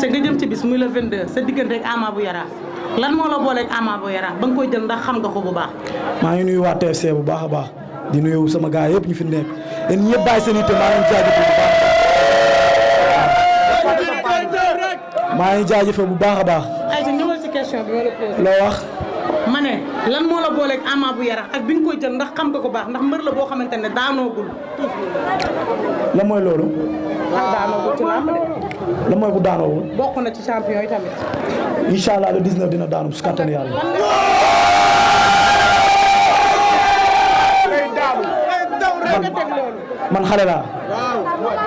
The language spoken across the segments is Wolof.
te nga ci bis muy le 22 sa diggante ak Ama bu yara lan moo la booleeg Ama bu Yaraax ba nga koy jël ndax xam nga ko bu baax. maa ngi nuyu waa TFC bu baax a baax di nuyu sama gaa yëpp ñu fi nekk yéen ñëpp bàyyi seen itte maa ngi jaajëfal bu maa ngi jaajëfal bu baax a baax. ayca loo wax. ne lan moo la booleeg Ama bu Yarax ak bi koy jël ndax xam nga ko baax ndax mbër la boo xamante ne daanoogul. lan mooy loolu. waaw daanoogul ci mooy ku daanoogul. bokk na ci champion yi tamit. incha allah le 19 dina daanu su kattan yàlla. man man laa.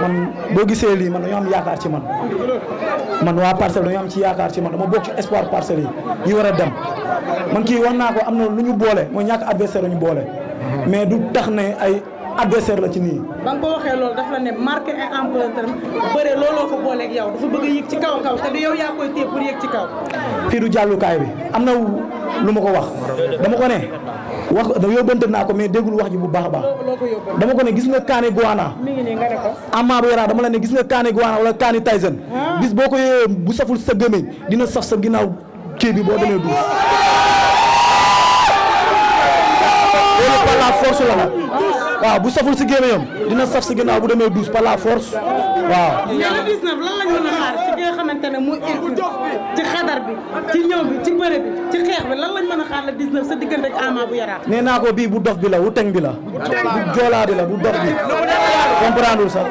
man boo gisee lii man dañoo am yaakaar ci man man waa parcel dañoo am ci yaakaar ci man dama bokk ci espoir parcelle yi yi war a dem man kii wan naa ko am na lu ñu boole mooy ñàkk adversaire la ñu boole mhm. mais du tax ne ay adversaire la ci nii. ba ko waxee loolu dafa bëgg yëg ci kaw kaw te du yow yaa koy téye pour yëg ci kaw. fii du jàllukaay bi am na lu ma ko wax dama ko ne. wax da yóbbante naa ko mais déggul wax ji bu baax a baax dama ko ne gis nga kaani guwaana amaa bu yaraa dama la ne gis nga kaani guwaana wala kaani Tyson bis boo ko yooyee bu saful sa gémmiñ dina saf sa ginnaaw kii bi boo demee duus la force waaw bu saful si gémmiñam dina saf si ginnaaw bu demee douze par la force waaw. a xaar ne mooy bi ci ñëw bi ci bëre bi ci xeex a xaar sa diggante ak Ama bu nee naa ko bii bu dof bi la bu teng bi la. bu joolaa bi la bu dof bi. comprendre sax.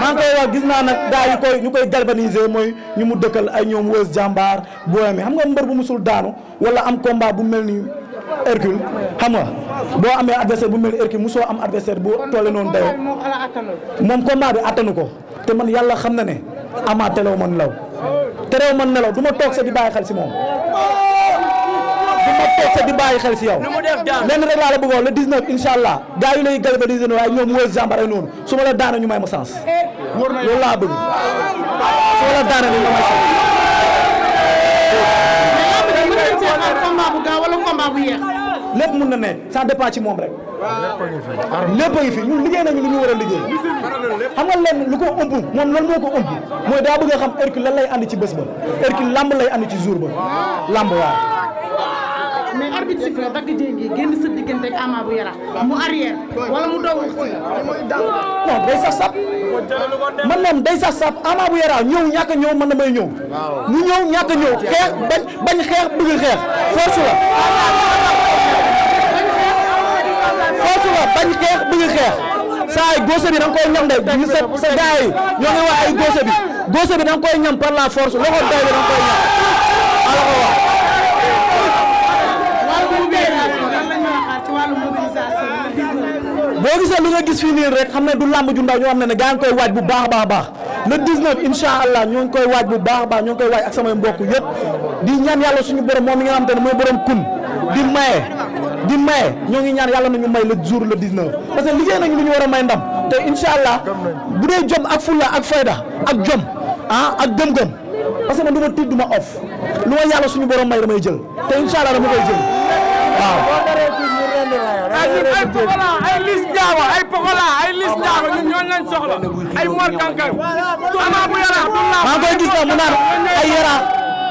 maa ngi koy wax gis naa nag daa yu koy ñu koy galvaniser mooy ñu mu dëkkal ay ñoom wës jàmbaar booyame xam nga mbër bu musul daanu wala am combat bu mel nii. Hercule xam nga boo amee adversaire bu mel ni Hercule mosoo am adversaire bu tolle noonu dayoo moom combat bi attanu ko te man yàlla xam na ne Ama terew ma nelaw terew ma nelaw du ma toog sa di bàyyi xel si moom du ma toog sa di xel si yow lenn rek laa la bëggoon le 19 incha allah gars yi lay galvaniser waaye ñoom wër jàmbare noonu su ma la daana ñu may ma sens loolu laa bëgg su ma la daana ñu may sens combat bu yeex lépp mun na ne ça dépend ci moom rek. lépp a ngi fi ñun liggéey nañu li ñu war a liggéey xam nga lenn lu ko ëmb moom lan moo ko ëmb mooy daa bëgg a xam Hercule lan lay ci bés ba Hercule lamb lay andi ci jour ba lamb waaw arbitre sifflé dagg day saf sap man moom day saf sap Ama bu Yarax ñëw ñàkk a ñëw man damay ñëw mu ñëw ñàkk a ñëw xeex bañ xeex bëgg xeex force la force la bañ xeex bëgg xeex saa ay góose bi da koy ñam de sa sa yi ñoo ngi wax ay góose bi góose bi da koy ñam par la force loxo doy bi da nga koy ñam gis fii nii rek xam ne du làmb ju ndaw ñoo xam ne ne gaa ngi koy waaj bu baax baax baax le 19 incha ñoo ngi koy waaj bu baax baax ñoo koy waaj ak samay mbokk yëpp di ñaan yàlla suñu borom moom mi nga xam ne mooy borom kun di maye di maye ñoo ngi ñaan yàlla nañu may le jour le 19 parce que liggéey nañu lu ñu war a may ndam te incha allah bu dee jom ak fulla ak fayda ak jom ah ak gëm-gëm parce que man du ma tiit du ma off lu ma yàlla suñu borom jël te incha allah dama koy waaye ñun ay Pokola ay Liss Ndiago ay Pokola ay Liss Ndiago ñun ñooñu lañ soxla ay Mor Kankan ama bu yara du la maa ngi koy gis na mu naan ay yara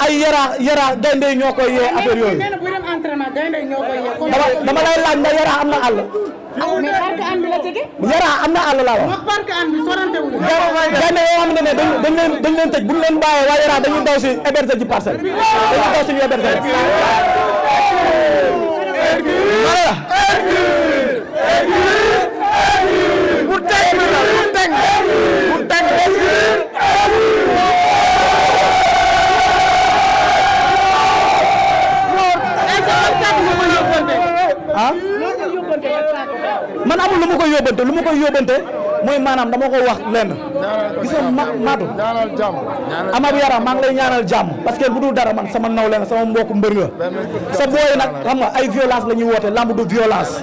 ay yara ñoo koy yee affaire yooyu dama lay laaj na yara am na àll la tege. yara am na àll laa wax. moom parc ànd bi ne ne dañ dañ leen dañ leen tëj bu ñu leen bàyyee waa yara dañuy daw si héberger ji parcelle dañuy daw suñu héberger man amul lu ko koy yóbbante lu ma koy yóbbante mooy maanaam dama ko wax lenn gis nga ma maatu Amadou Yara maa ngi lay ñaanal jàmm parce bu dul dara man sama naw leen sama mbokku mbër nga sa booy nag xam nga ay violence la ñuy woote lamb du violence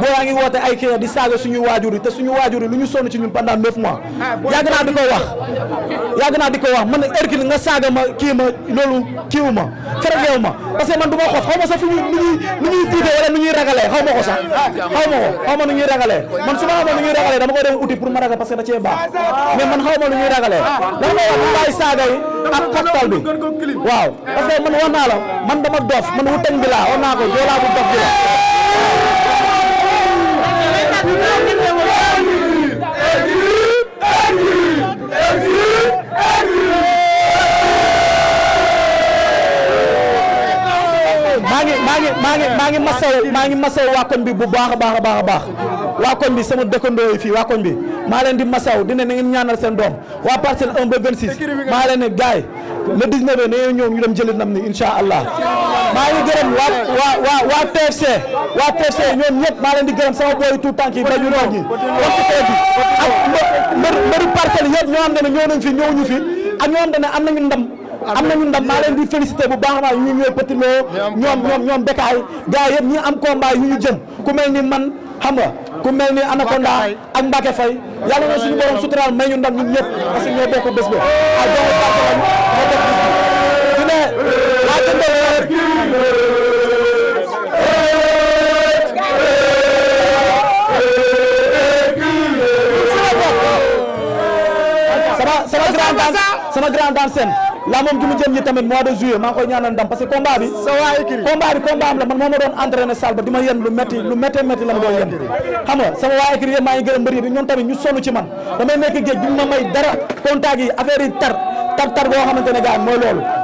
booyaa ngi woote ay kii di saaga suñu waajur yi te suñu waajur yi lu ñu sonn ci ñun pendant neuf mois ah, yàgg naa di ko wax yàgg naa di ko wax man Hercule nga saaga ma kii ma loolu kiiwu ma feregeewu ma parce que man du ma xof xaw ma sax fu ñu nu ñuy nu ñuy tiitee pour ma ragal parce que da cee baax mais man xaw ma lu ñuy ragalee ah. lan may wax bàyyi saaga yi ak xattal bi waaw parce que man wax naa la man dama dof man wutan bi laa wax ko joolaa bu dof bi la maa ngi masaw waa koñ bi bu baax a baax a baax waa koñ bi sama dëkkandoo yi fii waa koñ bi maa leen di masaw dina na ñaanal seen doom waa parcelle 1 ba 26 maa leen ne gaay le 19 ne ñëw ñu dem jëli ni incha allah maa ngi gërëm waa waa waa waa TFC waa ñoom ñëpp maa leen di gërëm sama booy tout tànk yi ba ñu noog ñi waxtu tey bi ak mbëru parcelle yëpp ñoo xam ne ñëw nañ fi ñëw ñu fi ak ñoo xam ne am nañu ndam am nañu ndam maa leen di félicité bu baax a ñu ñooy Petit Lo ñoom ñoom ñoom Bécaye gars yëpp ñi am combat yu ñu jëm ku mel ni man xam ku mel ni Anaconda ak Mbacke Faye yàlla na suñu borom may ñu ndam ñun ñëpp parce que ñoo bokk bés ba daan sama la moom ji jëm ñi tamit mois de juillet maa ngi koy ñaanal ndam parce que bi combat bi combat am la man moo ma doon entraîné salle ba di ma yen lu metti lu métti métti la ma doon yen xam nga sama waa écrit maa ngi gërëm mbër bi ñoom tamit ñu sonn ci man damay nekk géej bi ma may dara contact yi affaire tar tar tar boo xamante ne gars mooy loolu